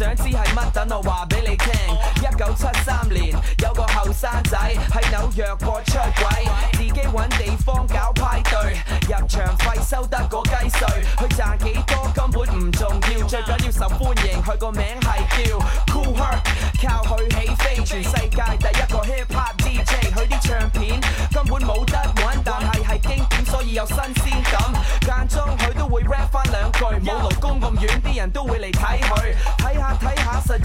想知係乜？等我話俾你聽。一九七三年有個後生仔喺紐約過出軌，自己揾地方搞派對，入場費收得嗰雞碎，佢賺幾多根本唔重要，最緊要受歡迎。佢個名係叫 Cool Herc，靠佢起飛，全世界第一個 hip hop DJ。佢啲唱片根本冇得揾，但係係經典，所以有新鮮感。間中佢都會 rap 翻兩句，冇勞工咁遠，啲人都會嚟睇佢。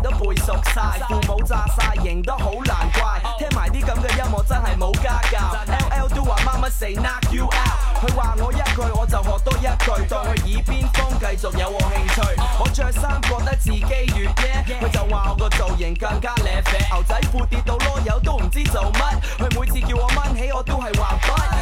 都背熟晒，父母炸晒，型都好難怪。聽埋啲咁嘅音樂真係冇家教。LL 是都話 Mama say knock you out。佢話我一句我就學多一句，當佢耳邊風繼續有我興趣。Oh, 我着衫覺得自己越野，佢就話我個造型更加叻。肥牛仔褲跌到囉柚都唔知做乜，佢每次叫我掹起我都係話不。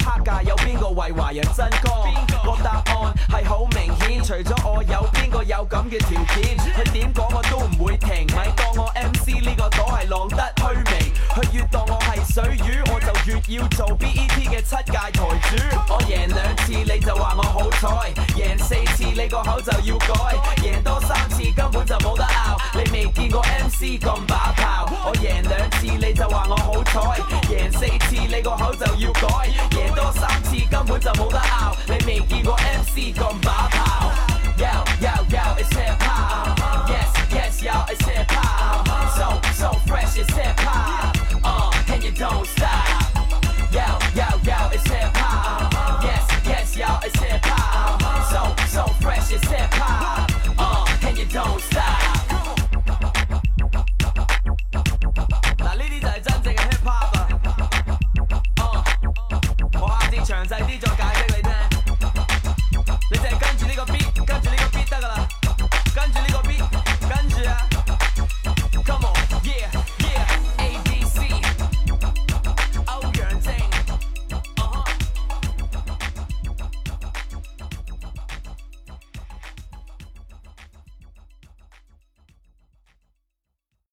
有邊個為華人爭光？個誰答案係好明顯，除咗我有有，有邊個有咁嘅條件？佢點講我都唔會停，咪當我 MC 呢個鎖係浪得虛名。佢越當我係水魚，我就越要做 BET 嘅七屆台主。我贏兩次你就話我好彩，贏四次你個口就要改，贏多三次根本就冇得拗，你未見過 MC 咁把炮。我贏兩次你就話我好彩，贏四次你個口就要改，贏多三次根本就冇得拗，你未見過 MC 咁把炮。